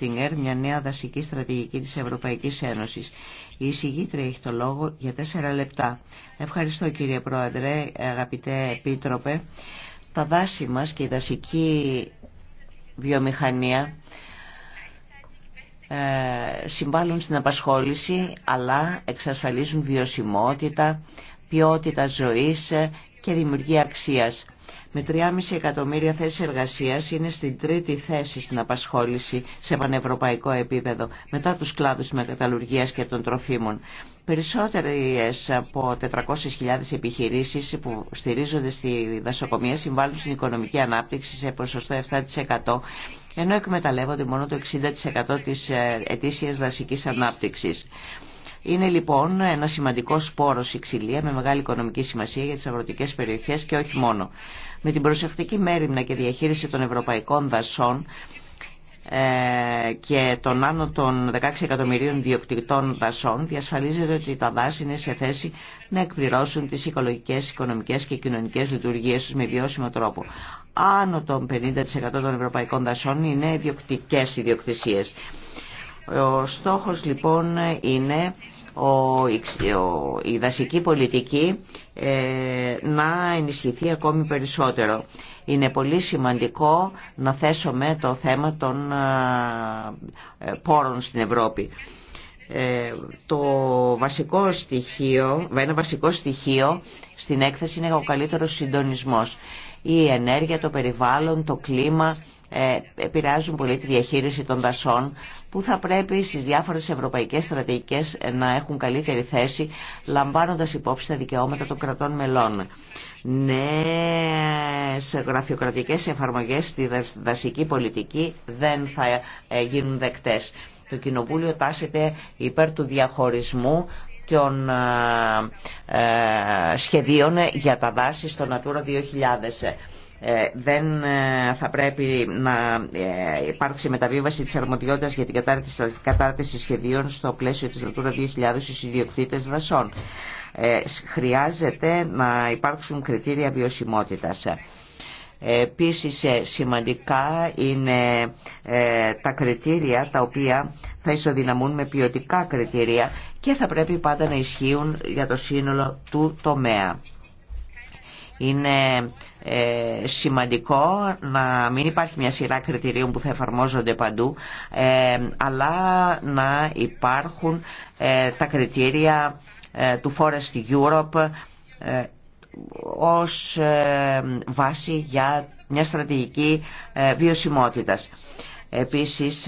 στην ΕΡ μια νέα δασική στρατηγική της Ευρωπαϊκής Ένωσης. Η εισηγήτρια έχει το λόγο για τέσσερα λεπτά. Ευχαριστώ κύριε Πρόεδρε, αγαπητέ Επίτροπε. Τα δάση μας και η δασική βιομηχανία ε, συμβάλλουν στην απασχόληση αλλά εξασφαλίζουν βιωσιμότητα, ποιότητα ζωής ε, και δημιουργία αξίας με 3,5 εκατομμύρια θέσεις εργασίας είναι στην τρίτη θέση στην απασχόληση σε πανευρωπαϊκό επίπεδο μετά τους κλάδους της μεταλλουργίας και των τροφίμων. Περισσότερες από 400.000 επιχειρήσεις που στηρίζονται στη δασοκομεία συμβάλλουν στην οικονομική ανάπτυξη σε ποσοστό 7% ενώ εκμεταλλεύονται μόνο το 60% της ε, ετήσιας δασικής ανάπτυξης. Είναι λοιπόν ένα σημαντικό σπόρο η ξυλία με μεγάλη οικονομική σημασία για τι αγροτικέ περιοχέ και όχι μόνο. Με την προσεκτική μέρημνα και διαχείριση των ευρωπαϊκών δασών ε, και των άνω των 16 εκατομμυρίων διοκτητών δασών διασφαλίζεται ότι τα δάση είναι σε θέση να εκπληρώσουν τι οικολογικέ, οικονομικέ και κοινωνικέ λειτουργίε του με βιώσιμο τρόπο. Άνω των 50% των ευρωπαϊκών δασών είναι ιδιοκτικέ ιδιοκτησίε. Ο στόχος λοιπόν είναι η δασική πολιτική ε, να ενισχυθεί ακόμη περισσότερο. Είναι πολύ σημαντικό να θέσουμε το θέμα των ε, πόρων στην Ευρώπη. Ε, το βασικό στοιχείο, ένα βασικό στοιχείο στην έκθεση είναι ο καλύτερος συντονισμός. Η ενέργεια, το περιβάλλον, το κλίμα ε, επηρεάζουν πολύ τη διαχείριση των δασών που θα πρέπει στις διάφορες ευρωπαϊκές στρατηγικές να έχουν καλύτερη θέση λαμβάνοντας υπόψη τα δικαιώματα των κρατών μελών. Νέες σε γραφειοκρατικές εφαρμογές στη δασική πολιτική δεν θα ε, γίνουν δεκτές. Το Κοινοβούλιο τάσεται υπέρ του διαχωρισμού των ε, σχεδίων για τα δάση στο Natura 2000. Ε, δεν ε, θα πρέπει να ε, υπάρξει μεταβίβαση της αρμοδιότητας για την κατάρτιση, κατάρτιση σχεδίων στο πλαίσιο της Natura 2000 στους ιδιοκτήτες δασών. χρειάζεται να υπάρξουν κριτήρια βιωσιμότητας. Επίση, σημαντικά είναι τα κριτήρια τα οποία θα ισοδυναμούν με ποιοτικά κριτήρια και θα πρέπει πάντα να ισχύουν για το σύνολο του τομέα. Είναι ε, σημαντικό να μην υπάρχει μια σειρά κριτηρίων που θα εφαρμόζονται παντού, ε, αλλά να υπάρχουν ε, τα κριτήρια του Forest Europe ως βάση για μια στρατηγική βιωσιμότητας. Επίσης,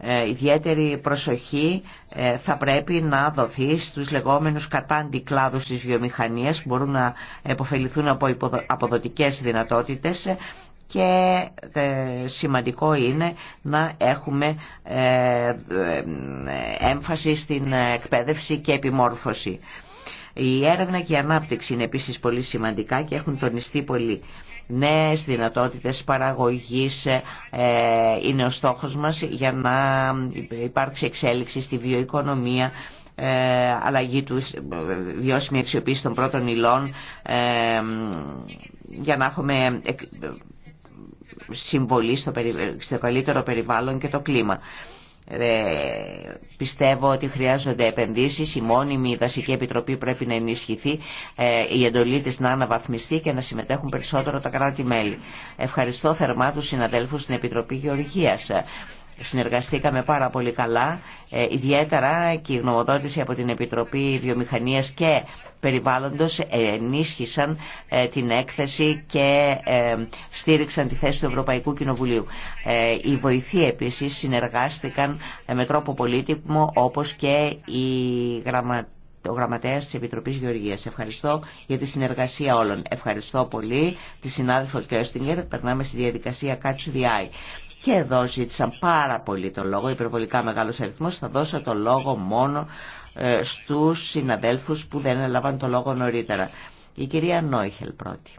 ε, ιδιαίτερη προσοχή ε, θα πρέπει να δοθεί στους λεγόμενους κατάντι κλάδους της βιομηχανίας που μπορούν να επωφεληθούν από αποδοτικές δυνατότητες και ε, σημαντικό είναι να έχουμε έμφαση στην εκπαίδευση και επιμόρφωση. Η έρευνα και η ανάπτυξη είναι επίσης πολύ σημαντικά και έχουν τονιστεί πολύ νέες δυνατότητες παραγωγής ε, είναι ο στόχος μας για να υπάρξει εξέλιξη στη βιοοικονομία, ε, αλλαγή του βιώσιμη αξιοποίηση των πρώτων υλών ε, για να έχουμε συμβολή στο καλύτερο περιβάλλον και το κλίμα πιστεύω ότι χρειάζονται επενδύσεις, η μόνιμη δασική επιτροπή πρέπει να ενισχυθεί, ε, η εντολή της να αναβαθμιστεί και να συμμετέχουν περισσότερο τα κράτη-μέλη. Ευχαριστώ θερμά τους συναδέλφους στην Επιτροπή Γεωργίας συνεργαστήκαμε πάρα πολύ καλά, ε, ιδιαίτερα και η γνωμοδότηση από την Επιτροπή Βιομηχανίας και Περιβάλλοντος ενίσχυσαν ε, την έκθεση και ε, στήριξαν τη θέση του Ευρωπαϊκού Κοινοβουλίου. Οι βοηθοί επίσης συνεργάστηκαν με τρόπο πολύτιμο όπως και οι γραμματική ο γραμματέας τη Επιτροπής Γεωργίας. Ευχαριστώ για τη συνεργασία όλων. Ευχαριστώ πολύ τη συνάδελφο Κέστιγκερ. Περνάμε στη διαδικασία Catch the Eye. Και εδώ ζήτησαν πάρα πολύ το λόγο, υπερβολικά μεγάλος αριθμό. Θα δώσω το λόγο μόνο ε, στους συναδέλφους που δεν έλαβαν το λόγο νωρίτερα. Η κυρία Νόιχελ πρώτη.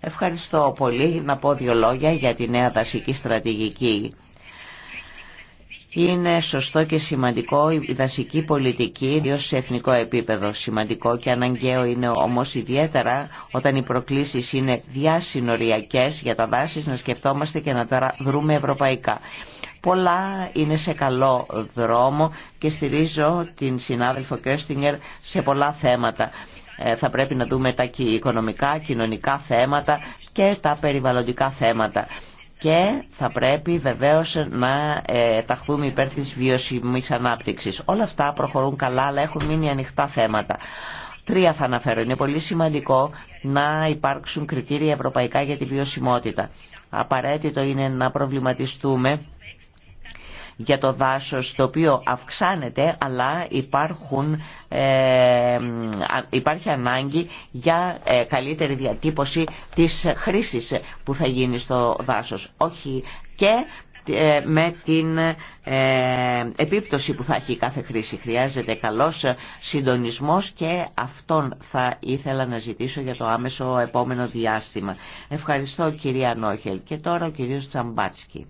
Ευχαριστώ πολύ να πω δύο λόγια για τη νέα δασική στρατηγική είναι σωστό και σημαντικό η δασική πολιτική, ιδίω σε εθνικό επίπεδο. Σημαντικό και αναγκαίο είναι όμω ιδιαίτερα όταν οι προκλήσει είναι διασυνοριακέ για τα δάση να σκεφτόμαστε και να τα δρούμε ευρωπαϊκά. Πολλά είναι σε καλό δρόμο και στηρίζω την συνάδελφο Κέστιγκερ σε πολλά θέματα. Ε, θα πρέπει να δούμε τα οικονομικά, κοινωνικά θέματα και τα περιβαλλοντικά θέματα και θα πρέπει βεβαίως να ε, ταχθούμε υπέρ της βιωσιμής ανάπτυξης. Όλα αυτά προχωρούν καλά, αλλά έχουν μείνει ανοιχτά θέματα. Τρία θα αναφέρω. Είναι πολύ σημαντικό να υπάρξουν κριτήρια ευρωπαϊκά για τη βιωσιμότητα. Απαραίτητο είναι να προβληματιστούμε για το δάσος το οποίο αυξάνεται αλλά υπάρχουν, ε, υπάρχει ανάγκη για ε, καλύτερη διατύπωση της χρήσης που θα γίνει στο δάσος. Όχι και ε, με την ε, επίπτωση που θα έχει κάθε χρήση. Χρειάζεται καλός συντονισμός και αυτόν θα ήθελα να ζητήσω για το άμεσο επόμενο διάστημα. Ευχαριστώ κυρία Νόχελ και τώρα ο κυρίος Τσαμπάτσκι.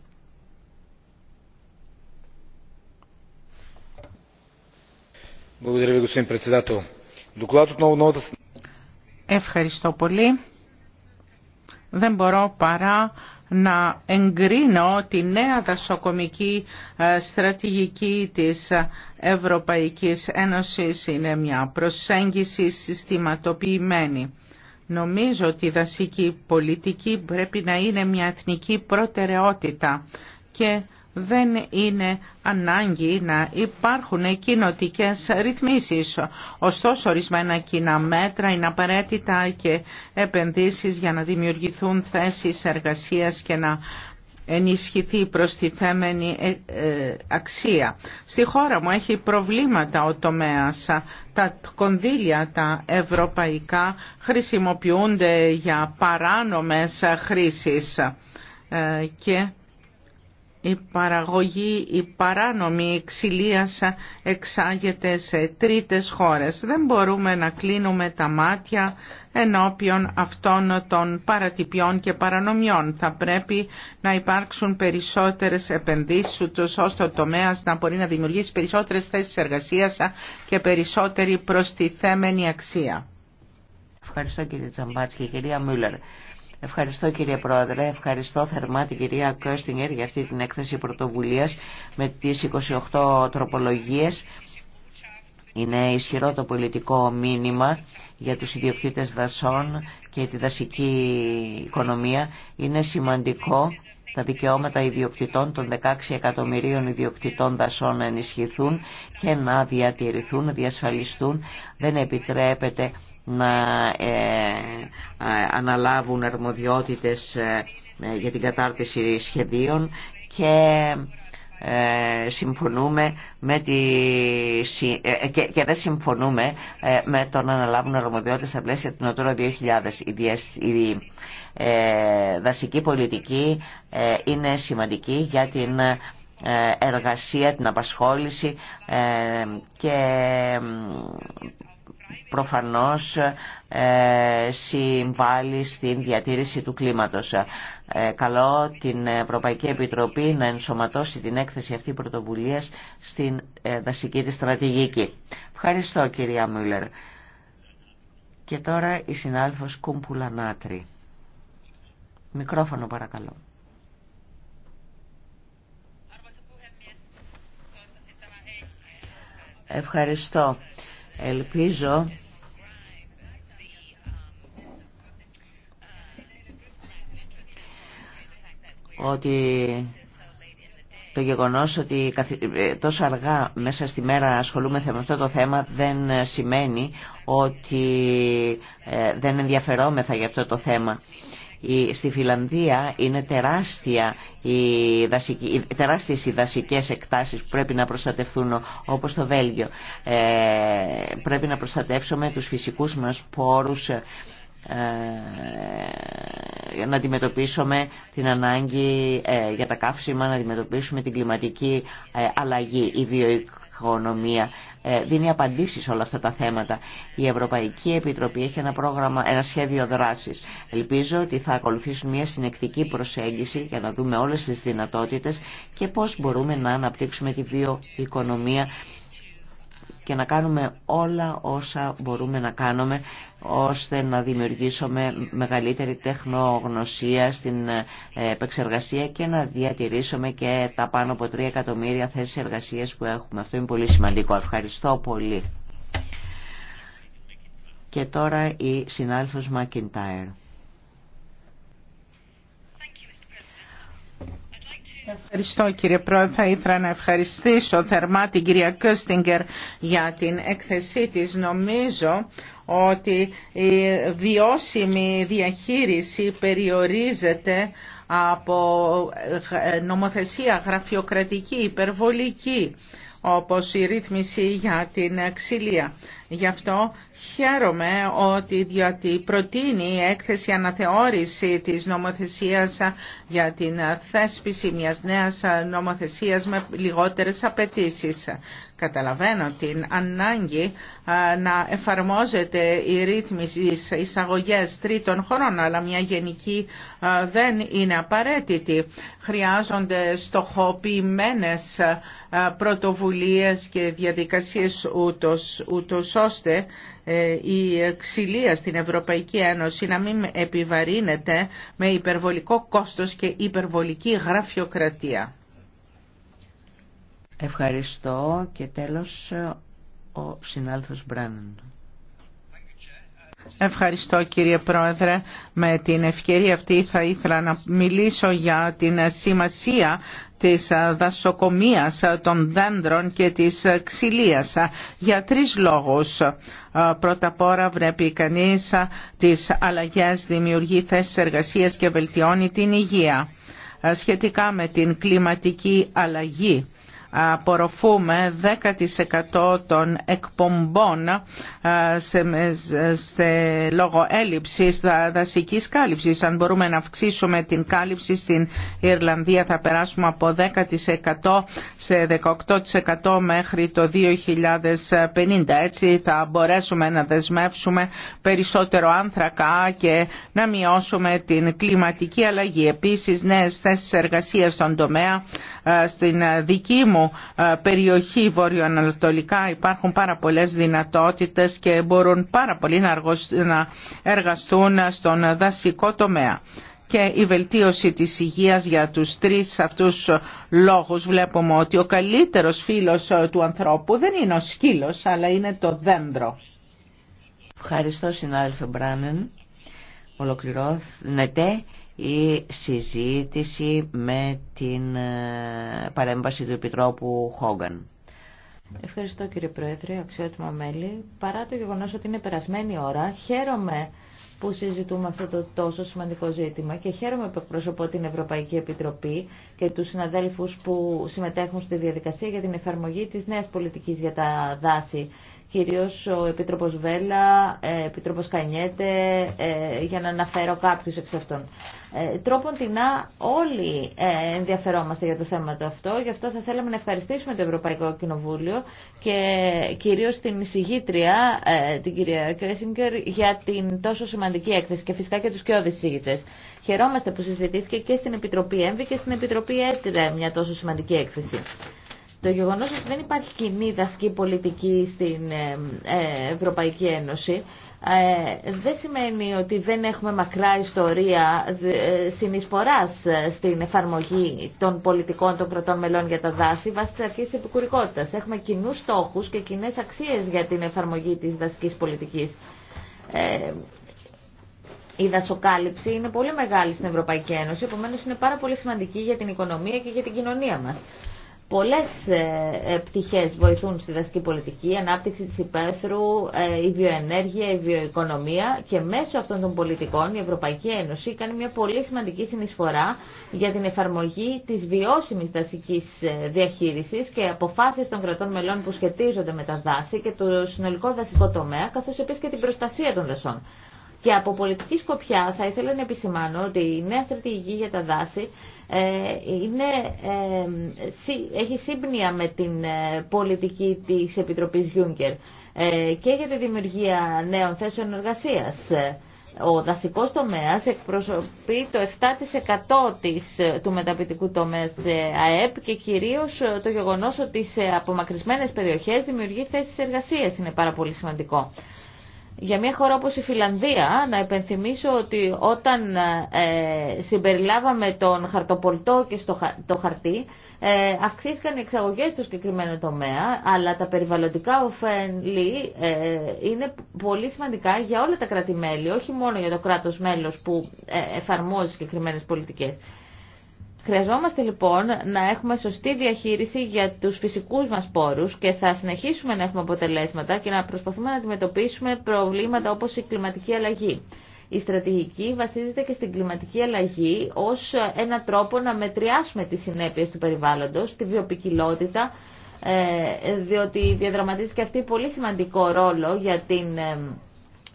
Ευχαριστώ πολύ. Δεν μπορώ παρά να εγκρίνω η νέα δασοκομική ε, στρατηγική της Ευρωπαϊκής Ένωσης. Είναι μια προσέγγιση συστηματοποιημένη. Νομίζω ότι η δασική πολιτική πρέπει να είναι μια εθνική προτεραιότητα και δεν είναι ανάγκη να υπάρχουν κοινοτικέ ρυθμίσεις. Ωστόσο, ορισμένα κοινά μέτρα είναι απαραίτητα και επενδύσεις για να δημιουργηθούν θέσεις εργασίας και να ενισχυθεί προστιθέμενη ε, ε, αξία. Στη χώρα μου έχει προβλήματα ο τομέας. Τα κονδύλια τα ευρωπαϊκά χρησιμοποιούνται για παράνομες χρήσεις ε, και η παραγωγή, η παράνομη ξυλίας εξάγεται σε τρίτες χώρες. Δεν μπορούμε να κλείνουμε τα μάτια ενώπιον αυτών των παρατυπιών και παρανομιών. Θα πρέπει να υπάρξουν περισσότερες επενδύσεις, ώστε ο τομέας να μπορεί να δημιουργήσει περισσότερες θέσεις εργασίας και περισσότερη προστιθέμενη αξία. Ευχαριστώ κύριε Κυρία Ευχαριστώ κύριε Πρόεδρε, ευχαριστώ θερμά την κυρία Κέρστινγκερ για αυτή την έκθεση πρωτοβουλία με τις 28 τροπολογίες. Είναι ισχυρό το πολιτικό μήνυμα για τους ιδιοκτήτες δασών και τη δασική οικονομία. Είναι σημαντικό τα δικαιώματα ιδιοκτητών των 16 εκατομμυρίων ιδιοκτητών δασών να ενισχυθούν και να διατηρηθούν, να διασφαλιστούν. Δεν επιτρέπεται να ε, ε, αναλάβουν αρμοδιότητες ε, για την κατάρτιση σχεδίων και συμφωνούμε με τη... και, δεν συμφωνούμε με το να αναλάβουν αρμοδιότητες στα πλαίσια του Νοτρό 2000. Η, δασική πολιτική είναι σημαντική για την εργασία, την απασχόληση και προφανώς ε, συμβάλλει στην διατήρηση του κλίματος. Ε, καλό την Ευρωπαϊκή Επιτροπή να ενσωματώσει την έκθεση αυτή πρωτοβουλίας στην ε, δασική της στρατηγική. Ευχαριστώ κυρία Μούλερ. Και τώρα η συνάδελφος Κούμπουλα Νάτρη. Μικρόφωνο παρακαλώ. Ευχαριστώ. Ελπίζω ότι το γεγονός ότι ε, τόσο αργά μέσα στη μέρα ασχολούμεθα με αυτό το θέμα δεν σημαίνει ότι ε, δεν ενδιαφερόμεθα για αυτό το θέμα. Στη Φιλανδία είναι τεράστια οι δασικοί, τεράστιες οι δασικές εκτάσεις που πρέπει να προστατευτούν όπως το Βέλγιο. Ε, πρέπει να προστατεύσουμε τους φυσικούς μας πόρους ε, να αντιμετωπίσουμε την ανάγκη ε, για τα καύσιμα, να αντιμετωπίσουμε την κλιματική ε, αλλαγή. Η οικονομία, ε, δίνει απαντήσεις σε όλα αυτά τα θέματα. Η Ευρωπαϊκή Επιτροπή έχει ένα, πρόγραμμα, ένα σχέδιο δράσης. Ελπίζω ότι θα ακολουθήσουν μια συνεκτική προσέγγιση για να δούμε όλες τις δυνατότητες και πώς μπορούμε να αναπτύξουμε τη βιοοικονομία και να κάνουμε όλα όσα μπορούμε να κάνουμε ώστε να δημιουργήσουμε μεγαλύτερη τεχνογνωσία στην ε, επεξεργασία και να διατηρήσουμε και τα πάνω από 3 εκατομμύρια θέσεις εργασίας που έχουμε. Αυτό είναι πολύ σημαντικό. Ευχαριστώ πολύ. Και τώρα η συνάλφος Μακιντάιρ. Ευχαριστώ κύριε Πρόεδρε. Θα ήθελα να ευχαριστήσω θερμά την κυρία Κούστιγκερ για την έκθεσή της. Νομίζω ότι η βιώσιμη διαχείριση περιορίζεται από νομοθεσία γραφειοκρατική, υπερβολική όπως η ρύθμιση για την ξυλία. Γι' αυτό χαίρομαι ότι διότι προτείνει η έκθεση αναθεώρηση της νομοθεσίας για την θέσπιση μιας νέας νομοθεσίας με λιγότερες απαιτήσει. Καταλαβαίνω την ανάγκη να εφαρμόζεται η ρύθμιση εισαγωγές τρίτων χωρών, αλλά μια γενική δεν είναι απαραίτητη. Χρειάζονται στοχοποιημένες πρωτοβουλίες και διαδικασίες ούτω ώστε ε, η ξυλία στην Ευρωπαϊκή Ένωση να μην επιβαρύνεται με υπερβολικό κόστος και υπερβολική γραφειοκρατία. Ευχαριστώ και τέλος ο συνάλθος Μπράνεν. Ευχαριστώ κύριε Πρόεδρε. Με την ευκαιρία αυτή θα ήθελα να μιλήσω για την σημασία της δασοκομείας των δέντρων και της ξυλίας για τρεις λόγους. Πρώτα απ' όλα βλέπει κανείς τις αλλαγές δημιουργεί θέσεις εργασίας και βελτιώνει την υγεία. Σχετικά με την κλιματική αλλαγή απορροφούμε 10% των εκπομπών σε, σε, λόγω έλλειψης δασικής κάλυψης. Αν μπορούμε να αυξήσουμε την κάλυψη στην Ιρλανδία θα περάσουμε από 10% σε 18% μέχρι το 2050. Έτσι θα μπορέσουμε να δεσμεύσουμε περισσότερο άνθρακα και να μειώσουμε την κλιματική αλλαγή. Επίσης νέες θέσεις εργασίας στον τομέα στην δική μου μου ε, περιοχή βορειοανατολικά υπάρχουν πάρα πολλές δυνατότητες και μπορούν πάρα πολύ να εργαστούν στον δασικό τομέα και η βελτίωση της υγείας για τους τρεις αυτούς λόγους βλέπουμε ότι ο καλύτερος φίλος ε, του ανθρώπου δεν είναι ο σκύλος αλλά είναι το δέντρο. Ευχαριστώ συνάδελφε Μπράνεν. Ολοκληρώνεται η συζήτηση με την ε, παρέμβαση του Επιτρόπου Χόγκαν. Ευχαριστώ κύριε Πρόεδρε, αξιότιμα μέλη. Παρά το γεγονός ότι είναι περασμένη ώρα, χαίρομαι που συζητούμε αυτό το τόσο σημαντικό ζήτημα και χαίρομαι που εκπροσωπώ την Ευρωπαϊκή Επιτροπή και τους συναδέλφους που συμμετέχουν στη διαδικασία για την εφαρμογή της νέας πολιτικής για τα δάση κυρίως ο Επίτροπος Βέλα, ο ε, Επίτροπος Κανιέτε, ε, για να αναφέρω κάποιους εξ αυτών. Ε, τρόπον όλοι ενδιαφερόμαστε για το θέμα το αυτό, γι' αυτό θα θέλαμε να ευχαριστήσουμε το Ευρωπαϊκό Κοινοβούλιο και κυρίως την εισηγήτρια, την κυρία Κρέσιγκερ, για την τόσο σημαντική έκθεση και φυσικά και τους και εισηγητές. Χαιρόμαστε που συζητήθηκε και στην Επιτροπή ΕΜΒΗ και στην Επιτροπή ΕΤΡΕ μια τόσο σημαντική έκθεση. Το γεγονό ότι δεν υπάρχει κοινή δασική πολιτική στην ε, ε, Ευρωπαϊκή Ένωση ε, δεν σημαίνει ότι δεν έχουμε μακρά ιστορία συνεισφοράς στην εφαρμογή των πολιτικών των κρατών μελών για τα δάση βάσει τη αρχής της επικουρικότητας. Έχουμε κοινούς στόχους και κοινέ αξίες για την εφαρμογή της δασικής πολιτικής. Η δασοκάλυψη είναι πολύ μεγάλη στην Ευρωπαϊκή Ένωση, επομένω είναι πάρα πολύ σημαντική για την οικονομία και για την κοινωνία μα. Πολλές ε, ε, πτυχές βοηθούν στη δασική πολιτική, η ανάπτυξη της υπαίθρου, ε, η βιοενέργεια, η βιοοικονομία και μέσω αυτών των πολιτικών η Ευρωπαϊκή Ένωση κάνει μια πολύ σημαντική συνεισφορά για την εφαρμογή της βιώσιμης δασικής διαχείρισης και αποφάσεις των κρατών μελών που σχετίζονται με τα δάση και το συνολικό δασικό τομέα, καθώς επίσης και την προστασία των δασών. Και από πολιτική σκοπιά θα ήθελα να επισημάνω ότι η νέα στρατηγική για τα δάση ε, είναι, ε, έχει σύμπνοια με την ε, πολιτική της Επιτροπής Γιούγκερ και για τη δημιουργία νέων θέσεων εργασίας. Ο δασικός τομέας εκπροσωπεί το 7% του μεταπητικού τομέα ΑΕΠ και κυρίως το γεγονός ότι σε απομακρυσμένες περιοχές δημιουργεί θέσεις εργασίας είναι πάρα πολύ σημαντικό. Για μια χώρα όπως η Φιλανδία, να επενθυμίσω ότι όταν ε, συμπεριλάβαμε τον χαρτοπολτό και στο, το χαρτί, ε, αυξήθηκαν οι εξαγωγές στο συγκεκριμένο τομέα, αλλά τα περιβαλλοντικά ωφέλη ε, είναι πολύ σημαντικά για όλα τα κράτη-μέλη, όχι μόνο για το κράτος μέλος που ε, εφαρμόζει συγκεκριμένες πολιτικές. Χρειαζόμαστε λοιπόν να έχουμε σωστή διαχείριση για τους φυσικούς μας πόρους και θα συνεχίσουμε να έχουμε αποτελέσματα και να προσπαθούμε να αντιμετωπίσουμε προβλήματα όπως η κλιματική αλλαγή. Η στρατηγική βασίζεται και στην κλιματική αλλαγή ως ένα τρόπο να μετριάσουμε τις συνέπειες του περιβάλλοντος, τη βιοπικιλότητα, ε, διότι διαδραματίζει και αυτή πολύ σημαντικό ρόλο για την ε,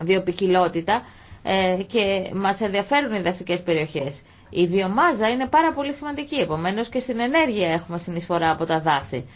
βιοπικιλότητα ε, και μας ενδιαφέρουν οι δασικές περιοχές. Η βιομάζα είναι πάρα πολύ σημαντική, επομένως και στην ενέργεια έχουμε συνεισφορά από τα δάση.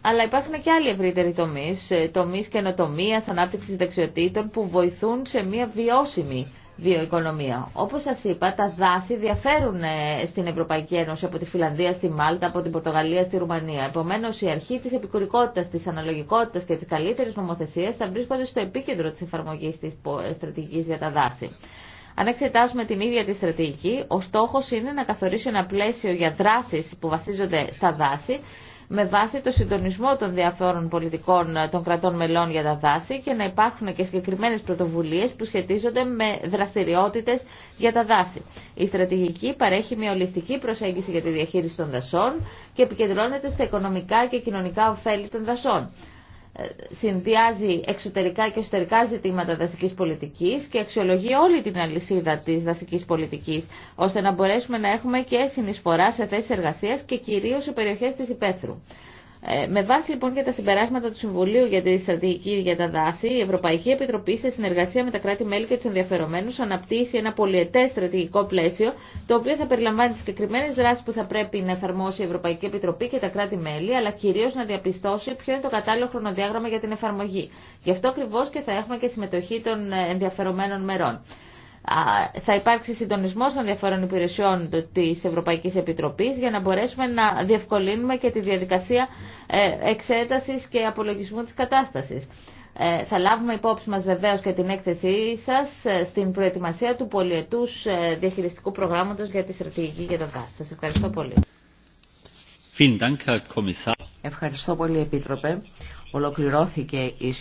Αλλά υπάρχουν και άλλοι ευρύτεροι τομείς, ε, τομείς καινοτομία, ανάπτυξη δεξιοτήτων που βοηθούν σε μια βιώσιμη βιοοικονομία. Όπως σας είπα, τα δάση διαφέρουν ε, στην Ευρωπαϊκή Ένωση από τη Φιλανδία στη Μάλτα, από την Πορτογαλία στη Ρουμανία. Επομένως, η αρχή της επικουρικότητας, της αναλογικότητας και της καλύτερης νομοθεσίας θα βρίσκονται στο επίκεντρο της εφαρμογής της ε, στρατηγικής για τα δάση. Αν εξετάσουμε την ίδια τη στρατηγική, ο στόχος είναι να καθορίσει ένα πλαίσιο για δράσεις που βασίζονται στα δάση με βάση το συντονισμό των διαφόρων πολιτικών ε, των κρατών μελών για τα δάση και να υπάρχουν και συγκεκριμένες πρωτοβουλίες που σχετίζονται με δραστηριότητες για τα δάση. Η στρατηγική παρέχει μια ολιστική προσέγγιση για τη διαχείριση των δασών και επικεντρώνεται στα οικονομικά και κοινωνικά ωφέλη των δασών συνδυάζει εξωτερικά και εσωτερικά ζητήματα δασικής πολιτικής και αξιολογεί όλη την αλυσίδα της δασικής πολιτικής, ώστε να μπορέσουμε να έχουμε και συνεισφορά σε θέσεις εργασίας και κυρίως σε περιοχές της υπαίθρου. Ε, με βάση λοιπόν και τα συμπεράσματα του Συμβουλίου για τη Στρατηγική για τα Δάση, η Ευρωπαϊκή Επιτροπή σε συνεργασία με τα κράτη-μέλη και του ενδιαφερομένου αναπτύσσει ένα πολιετέ στρατηγικό πλαίσιο, το οποίο θα περιλαμβάνει τι συγκεκριμένε δράσει που θα πρέπει να εφαρμόσει η Ευρωπαϊκή Επιτροπή και τα κράτη-μέλη, αλλά κυρίω να διαπιστώσει ποιο είναι το κατάλληλο χρονοδιάγραμμα για την εφαρμογή. Γι' αυτό ακριβώ και θα έχουμε και συμμετοχή των ε, ενδιαφερομένων μερών θα υπάρξει συντονισμός των διαφορών υπηρεσιών της Ευρωπαϊκής Επιτροπής για να μπορέσουμε να διευκολύνουμε και τη διαδικασία ε, εξέτασης και απολογισμού της κατάστασης. Ε, θα λάβουμε υπόψη μας βεβαίως και την έκθεσή σας ε, στην προετοιμασία του πολιετούς διαχειριστικού προγράμματος για τη στρατηγική για το ΓΑΣ. Σας ευχαριστώ πολύ. Ευχαριστώ πολύ, Επίτροπε. Ολοκληρώθηκε η